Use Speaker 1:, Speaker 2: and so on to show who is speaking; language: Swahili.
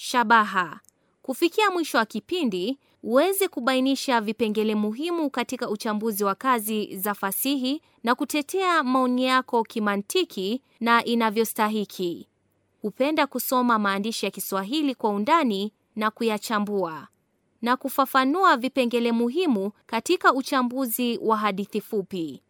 Speaker 1: Shabaha: kufikia mwisho wa kipindi uweze kubainisha vipengele muhimu katika uchambuzi wa kazi za fasihi na kutetea maoni yako kimantiki na inavyostahiki. Hupenda kusoma maandishi ya Kiswahili kwa undani na kuyachambua na kufafanua vipengele muhimu katika uchambuzi wa hadithi fupi.